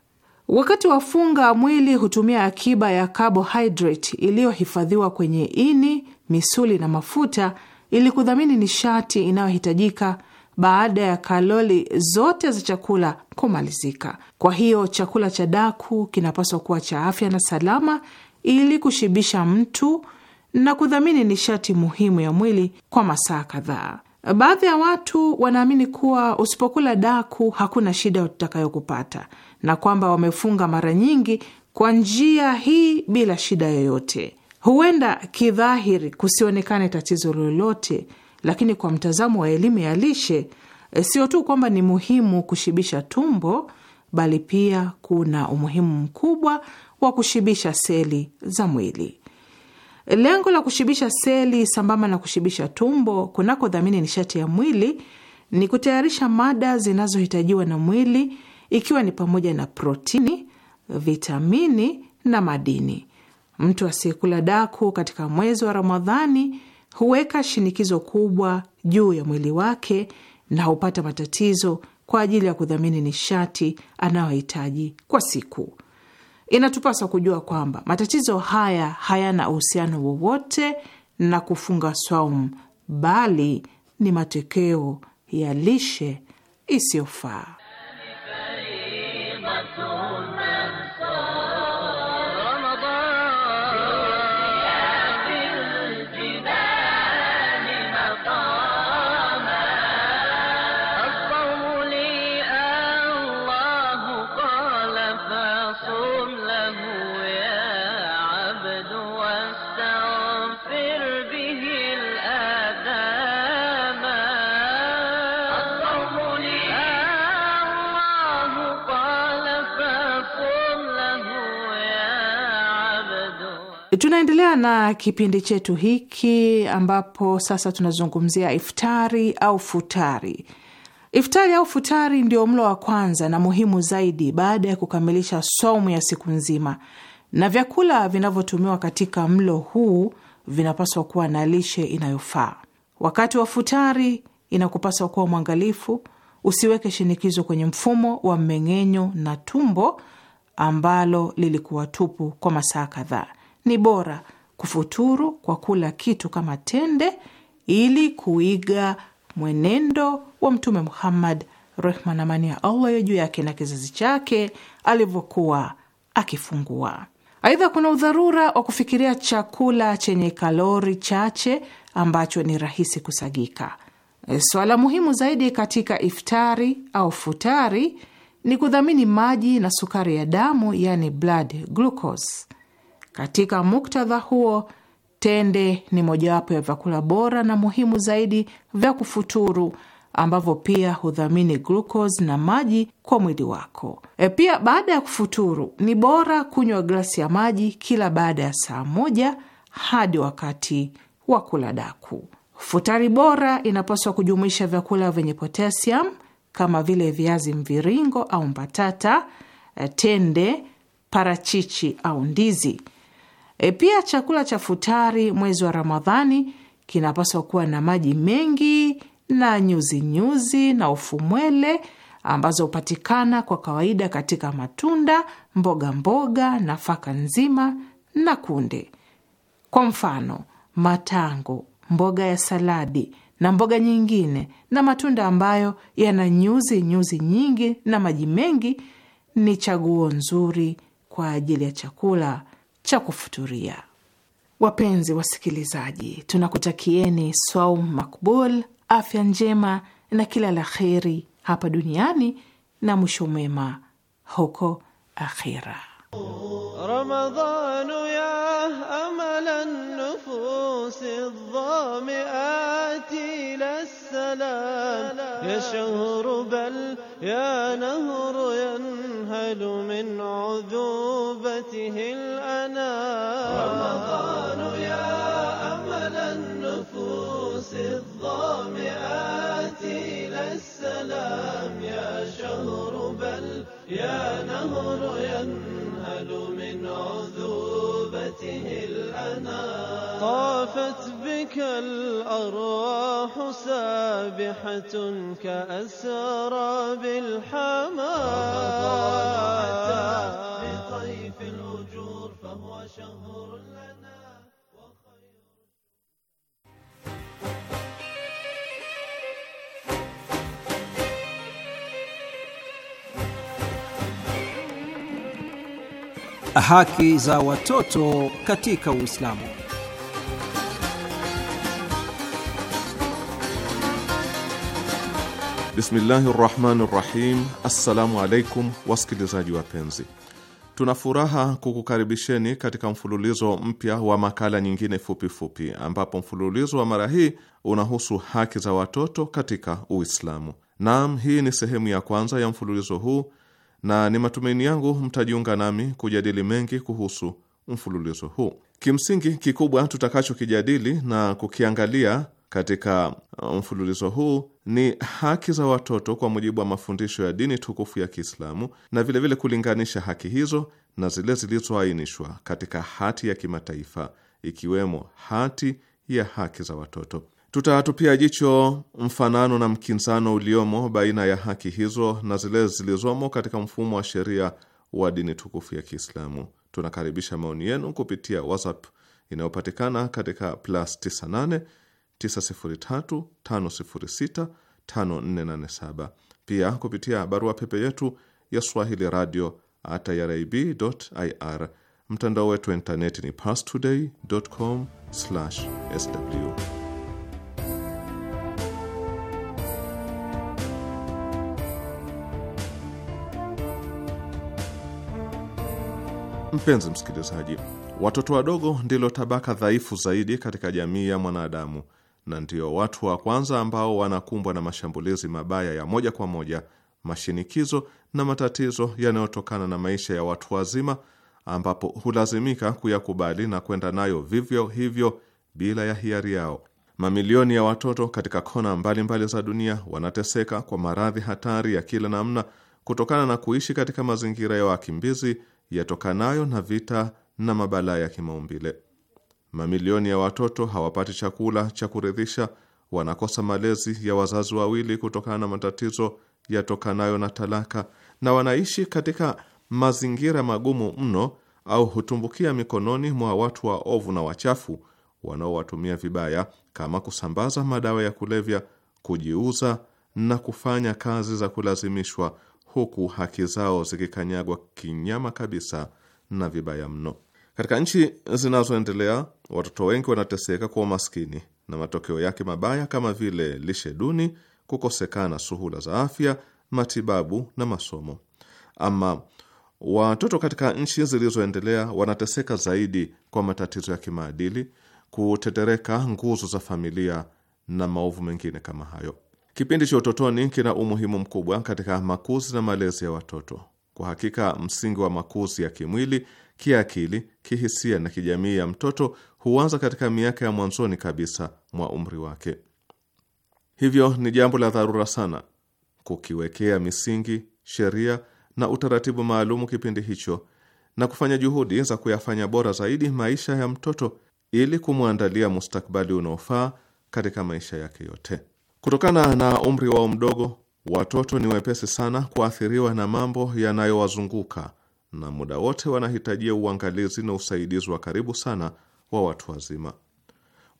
Wakati wa funga, mwili hutumia akiba ya carbohydrate iliyohifadhiwa kwenye ini, misuli na mafuta ili kudhamini nishati inayohitajika baada ya kalori zote za chakula kumalizika. Kwa hiyo chakula cha daku kinapaswa kuwa cha afya na salama ili kushibisha mtu na kudhamini nishati muhimu ya mwili kwa masaa kadhaa. Baadhi ya watu wanaamini kuwa usipokula daku hakuna shida utakayokupata, na kwamba wamefunga mara nyingi kwa njia hii bila shida yoyote. Huenda kidhahiri kusionekane tatizo lolote, lakini kwa mtazamo wa elimu ya lishe, eh, sio tu kwamba ni muhimu kushibisha tumbo, bali pia kuna umuhimu mkubwa wa kushibisha seli za mwili. Lengo la kushibisha seli sambamba na kushibisha tumbo kunakodhamini nishati ya mwili ni kutayarisha mada zinazohitajiwa na mwili ikiwa ni pamoja na protini, vitamini na madini. Mtu asiyekula daku katika mwezi wa Ramadhani huweka shinikizo kubwa juu ya mwili wake na hupata matatizo kwa ajili ya kudhamini nishati anayohitaji kwa siku. Inatupaswa kujua kwamba matatizo haya hayana uhusiano wowote na kufunga swaum bali ni matokeo ya lishe isiyofaa. Tunaendelea na kipindi chetu hiki ambapo sasa tunazungumzia iftari au futari. Iftari au futari ndio mlo wa kwanza na muhimu zaidi baada ya kukamilisha somu ya siku nzima, na vyakula vinavyotumiwa katika mlo huu vinapaswa kuwa na lishe inayofaa. Wakati wa futari, inakupaswa kuwa mwangalifu, usiweke shinikizo kwenye mfumo wa mmeng'enyo na tumbo ambalo lilikuwa tupu kwa masaa kadhaa ni bora kufuturu kwa kula kitu kama tende ili kuiga mwenendo wa Mtume Muhammad, rehma na amani ya Allah ya juu yake na kizazi chake, alivyokuwa akifungua. Aidha, kuna udharura wa kufikiria chakula chenye kalori chache ambacho ni rahisi kusagika. Swala muhimu zaidi katika iftari au futari ni kudhamini maji na sukari ya damu, yani blood glucose. Katika muktadha huo, tende ni mojawapo ya vyakula bora na muhimu zaidi vya kufuturu ambavyo pia hudhamini glucose na maji kwa mwili wako. E, pia baada ya kufuturu ni bora kunywa glasi ya maji kila baada ya saa moja hadi wakati wa kula daku. Futari bora inapaswa kujumuisha vyakula vyenye potasiamu kama vile viazi mviringo au mbatata, e, tende, parachichi au ndizi. E, pia chakula cha futari mwezi wa Ramadhani kinapaswa kuwa na maji mengi na nyuzinyuzi nyuzi na ufumwele ambazo hupatikana kwa kawaida katika matunda, mboga mboga, nafaka nzima na kunde. Kwa mfano, matango, mboga ya saladi na mboga nyingine na matunda ambayo yana nyuzi nyuzi nyingi na maji mengi ni chaguo nzuri kwa ajili ya chakula cha kufuturia. Wapenzi wasikilizaji, tunakutakieni swaum makbul, afya njema na kila la kheri hapa duniani na mwisho mwema huko akhira. Ramadhanu ya nufusi dhamiati ya shahru bal يا نهر ينهل من عذوبته الأنام رمضان يا أمل النفوس الظامئات إلى السلام يا شهر بل يا نهر ينهل من عذوبته الأنام طافت بك الأرواح سابحة كأسراب الحمام بطيف الأجور فهو شهر لنا Haki za watoto katika Uislamu. Bismillahi rahmani rahim. Assalamu alaikum wasikilizaji wapenzi, tuna furaha kukukaribisheni katika mfululizo mpya wa makala nyingine fupifupi fupi, ambapo mfululizo wa mara hii unahusu haki za watoto katika Uislamu. Naam, hii ni sehemu ya kwanza ya mfululizo huu na ni matumaini yangu mtajiunga nami kujadili mengi kuhusu mfululizo huu. Kimsingi, kikubwa tutakachokijadili na kukiangalia katika uh, mfululizo huu ni haki za watoto kwa mujibu wa mafundisho ya dini tukufu ya Kiislamu na vilevile vile kulinganisha haki hizo na zile zilizoainishwa katika hati ya kimataifa ikiwemo hati ya haki za watoto. Tutatupia jicho mfanano na mkinzano uliomo baina ya haki hizo na zile zilizomo katika mfumo wa sheria wa dini tukufu ya Kiislamu. Tunakaribisha maoni yenu kupitia WhatsApp inayopatikana katika plus 98 903565487 pia kupitia barua pepe yetu ya swahili radio at irib ir. Mtandao wetu wa intaneti ni pastodaycom com sw. Mpenzi msikilizaji, watoto wadogo ndilo tabaka dhaifu zaidi katika jamii ya mwanadamu na ndio watu wa kwanza ambao wanakumbwa na mashambulizi mabaya ya moja kwa moja, mashinikizo na matatizo yanayotokana na maisha ya watu wazima, ambapo hulazimika kuyakubali na kwenda nayo vivyo hivyo bila ya hiari yao. Mamilioni ya watoto katika kona mbalimbali mbali za dunia wanateseka kwa maradhi hatari ya kila namna kutokana na kuishi katika mazingira ya wakimbizi yatokanayo na vita na mabalaa ya kimaumbile. Mamilioni ya watoto hawapati chakula cha kuridhisha, wanakosa malezi ya wazazi wawili kutokana na matatizo yatokanayo na talaka, na wanaishi katika mazingira magumu mno au hutumbukia mikononi mwa watu waovu na wachafu wanaowatumia vibaya, kama kusambaza madawa ya kulevya, kujiuza na kufanya kazi za kulazimishwa, huku haki zao zikikanyagwa kinyama kabisa na vibaya mno. Katika nchi zinazoendelea watoto wengi wanateseka kwa umaskini na matokeo yake mabaya kama vile lishe duni, kukosekana suhula za afya, matibabu na masomo. Ama watoto katika nchi zilizoendelea wanateseka zaidi kwa matatizo ya kimaadili, kutetereka nguzo za familia na maovu mengine kama hayo. Kipindi cha utotoni kina umuhimu mkubwa katika makuzi na malezi ya watoto. Kwa hakika, msingi wa makuzi ya kimwili kiakili, kihisia na kijamii ya mtoto huanza katika miaka ya mwanzoni kabisa mwa umri wake. Hivyo ni jambo la dharura sana kukiwekea misingi, sheria na utaratibu maalumu kipindi hicho na kufanya juhudi za kuyafanya bora zaidi maisha ya mtoto ili kumwandalia mustakbali unaofaa katika maisha yake yote. Kutokana na umri wao mdogo, watoto ni wepesi sana kuathiriwa na mambo yanayowazunguka na muda wote wanahitajia uangalizi na usaidizi wa karibu sana wa watu wazima.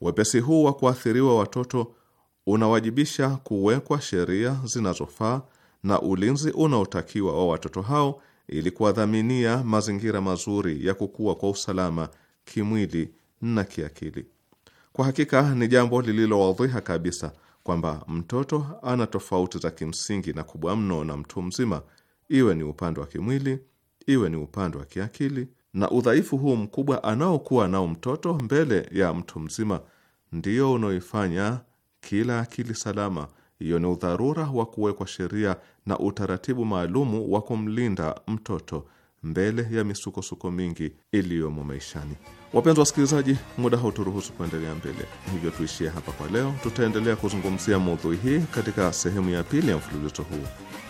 Wepesi huu wa kuathiriwa watoto unawajibisha kuwekwa sheria zinazofaa na ulinzi unaotakiwa wa watoto hao ili kuwadhaminia mazingira mazuri ya kukua kwa usalama kimwili na kiakili. Kwa hakika ni jambo lililowadhiha kabisa kwamba mtoto ana tofauti za kimsingi na kubwa mno na mtu mzima, iwe ni upande wa kimwili iwe ni upande wa kiakili, na udhaifu huu mkubwa anaokuwa nao mtoto mbele ya mtu mzima ndiyo unaoifanya kila akili salama hiyo ni udharura wa kuwekwa sheria na utaratibu maalumu wa kumlinda mtoto mbele ya misukosuko mingi iliyomo maishani. Wapenzi wasikilizaji, muda hauturuhusu kuendelea mbele, hivyo tuishie hapa kwa leo. Tutaendelea kuzungumzia maudhui hii katika sehemu ya pili ya mfululizo huu.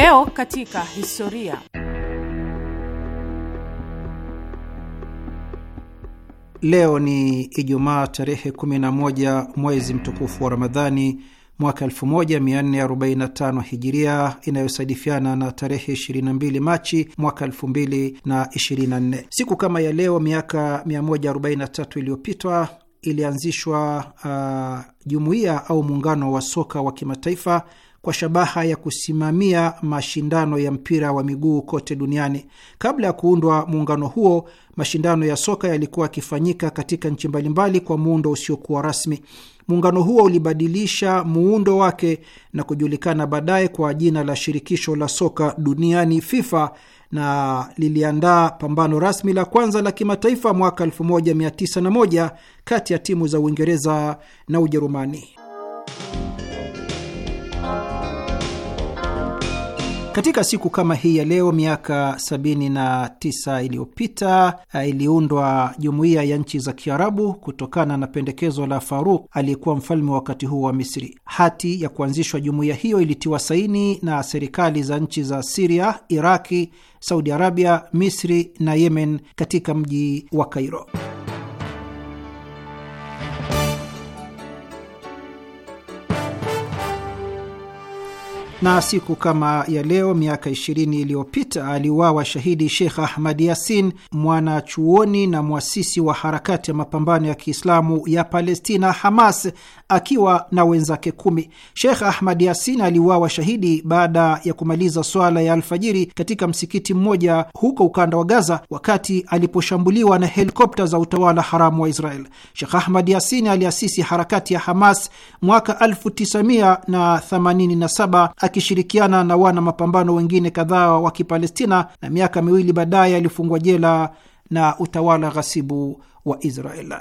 Leo katika historia. Leo ni Ijumaa tarehe 11 mwezi mtukufu wa Ramadhani mwaka 1445 hijiria inayosadifiana na tarehe 22 Machi mwaka 2024. Siku kama ya leo miaka 143 iliyopitwa ilianzishwa uh, jumuiya au muungano wa soka wa kimataifa kwa shabaha ya kusimamia mashindano ya mpira wa miguu kote duniani. Kabla ya kuundwa muungano huo, mashindano ya soka yalikuwa yakifanyika katika nchi mbalimbali kwa muundo usiokuwa rasmi. Muungano huo ulibadilisha muundo wake na kujulikana baadaye kwa jina la Shirikisho la Soka Duniani, FIFA, na liliandaa pambano rasmi la kwanza la kimataifa mwaka 1901 kati ya timu za Uingereza na Ujerumani. Katika siku kama hii ya leo miaka 79 iliyopita eh, iliundwa jumuiya ya nchi za Kiarabu kutokana na pendekezo la Faruk aliyekuwa mfalme wakati huo wa Misri. Hati ya kuanzishwa jumuiya hiyo ilitiwa saini na serikali za nchi za Siria, Iraki, Saudi Arabia, Misri na Yemen katika mji wa Kairo. na siku kama ya leo miaka 20 iliyopita aliuawa shahidi Sheikh Ahmad Yasin, mwanachuoni na mwasisi wa harakati ya mapambano ya Kiislamu ya Palestina, Hamas, akiwa na wenzake kumi. Sheikh Ahmad Yasin aliuawa shahidi baada ya kumaliza swala ya alfajiri katika msikiti mmoja huko ukanda wa Gaza, wakati aliposhambuliwa na helikopta za utawala haramu wa Israel. Sheikh Ahmad Yasin aliasisi harakati ya Hamas mwaka 1987 akishirikiana na wana mapambano wengine kadhaa wa Kipalestina, na miaka miwili baadaye alifungwa jela na utawala ghasibu wa Israel.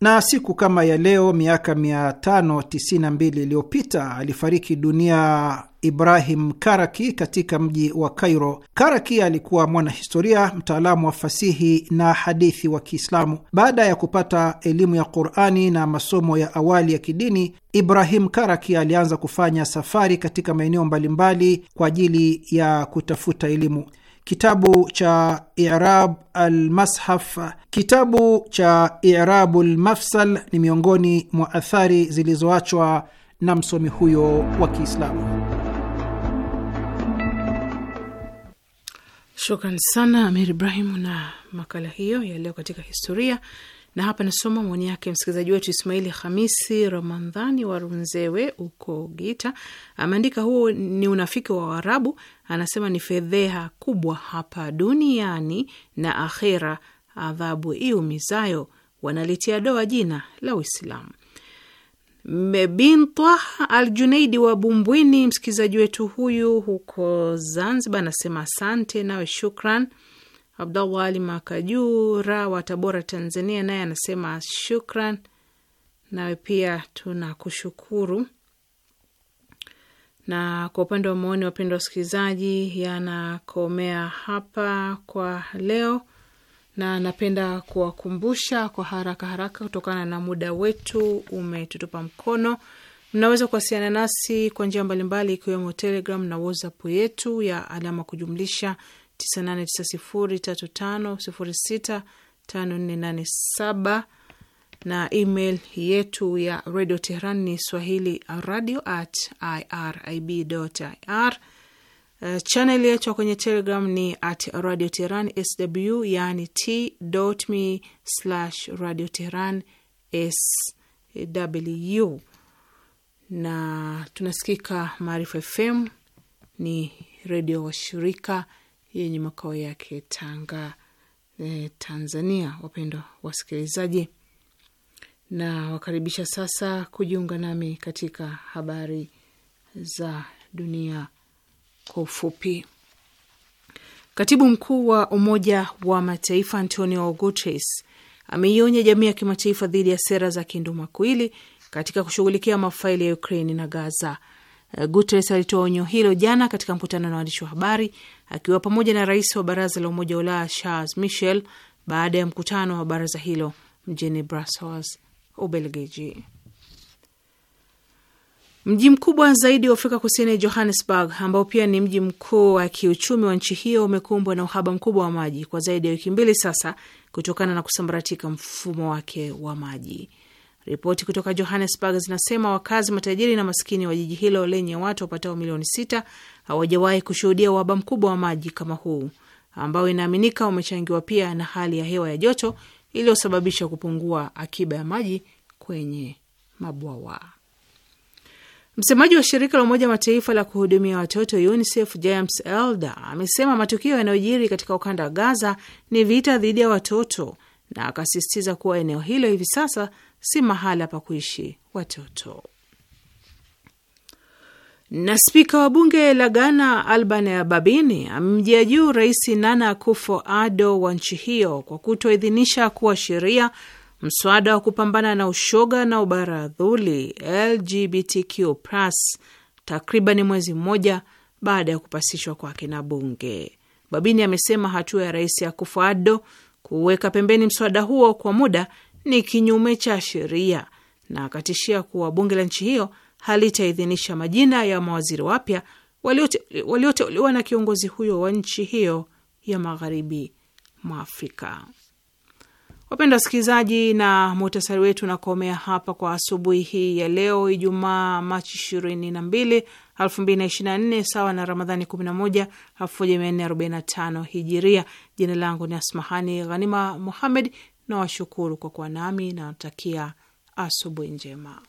Na siku kama ya leo miaka 592 iliyopita alifariki dunia Ibrahim Karaki katika mji wa Kairo. Karaki alikuwa mwanahistoria, mtaalamu wa fasihi na hadithi wa Kiislamu. Baada ya kupata elimu ya Qurani na masomo ya awali ya kidini, Ibrahim Karaki alianza kufanya safari katika maeneo mbalimbali kwa ajili ya kutafuta elimu. Kitabu cha Irab Almashaf, kitabu cha Irabu Lmafsal ni miongoni mwa athari zilizoachwa na msomi huyo wa Kiislamu. Shukran sana Amir Ibrahimu na makala hiyo ya leo katika historia. Na hapa nasoma maoni yake msikilizaji wetu Ismaili Hamisi Ramadhani wa Runzewe huko Geita. Ameandika, huo ni unafiki wa Waarabu. Anasema ni fedheha kubwa hapa duniani na akhera, adhabu iumizayo, wanalitia doa jina la Uislamu. Mebin Twaha Al Junaidi wa Bumbwini, msikilizaji wetu huyu huko Zanzibar, anasema asante. Nawe shukran. Abdallah Ali Makajura wa Tabora, Tanzania, naye anasema shukran. Nawe pia tunakushukuru. Na kwa upande wa maoni, wapendwa wasikilizaji, yanakomea hapa kwa leo na napenda kuwakumbusha kwa haraka haraka, kutokana na muda wetu umetutupa mkono. Mnaweza kuwasiliana nasi kwa njia mbalimbali, ikiwemo Telegram na WhatsApp yetu ya alama kujumlisha 989035065487 na email yetu ya Radio Tehran ni swahili radio at irib.ir. Uh, eh, chaneli yetu kwenye Telegram ni at Radio Tehran sw, yani t.me slash Radio Tehran sw, na tunasikika Maarifa FM ni redio washirika yenye makao yake Tanga, eh, Tanzania. Wapendwa wasikilizaji, na wakaribisha sasa kujiunga nami katika habari za dunia kwa ufupi. Katibu mkuu wa Umoja wa Mataifa Antonio Guterres ameionya jamii ya kimataifa dhidi ya sera za kindumakuwili katika kushughulikia mafaili ya Ukraini na Gaza. Eh, Guterres alitoa onyo hilo jana katika mkutano na waandishi wa habari akiwa pamoja na rais wa baraza la Umoja wa Ulaya Charles Michel baada ya mkutano wa baraza hilo mjini Brussels, Ubelgiji. Mji mkubwa zaidi wa Afrika Kusini, Johannesburg, ambao pia ni mji mkuu wa kiuchumi wa nchi hiyo, umekumbwa na uhaba mkubwa wa maji kwa zaidi ya wiki mbili sasa kutokana na kusambaratika mfumo wake wa maji. Ripoti kutoka Johannesburg zinasema wakazi matajiri na maskini wa jiji hilo lenye watu wapatao milioni sita hawajawahi kushuhudia uhaba mkubwa wa maji kama huu, ambao inaaminika umechangiwa pia na hali ya hewa ya joto iliyosababisha kupungua akiba ya maji kwenye mabwawa. Msemaji wa shirika la Umoja Mataifa la kuhudumia watoto UNICEF James Elder amesema matukio yanayojiri katika ukanda wa Gaza ni vita dhidi ya watoto, na akasisitiza kuwa eneo hilo hivi sasa si mahala pa kuishi watoto. Na spika wa bunge la Ghana Alban Babini amemjia juu Rais Nana akufo ado wa nchi hiyo kwa kutoidhinisha kuwa sheria Mswada wa kupambana na ushoga na ubaradhuli LGBTQ+ takribani mwezi mmoja baada ya kupasishwa kwake na bunge. Babini amesema hatua ya Rais Akufo-Addo kuweka pembeni mswada huo kwa muda ni kinyume cha sheria, na akatishia kuwa bunge la nchi hiyo halitaidhinisha majina ya mawaziri wapya walioteuliwa na kiongozi huyo wa nchi hiyo ya magharibi mwa Afrika. Wapenda wasikilizaji, na muhtasari wetu unakomea hapa kwa asubuhi hii ya leo Ijumaa Machi ishirini na mbili mbili na na nne sawa na Ramadhani kumi na moja moja mia nne arobaini na tano hijiria. Jina langu ni Asmahani Ghanima Muhammed na washukuru kwa kuwa nami na watakia asubuhi njema.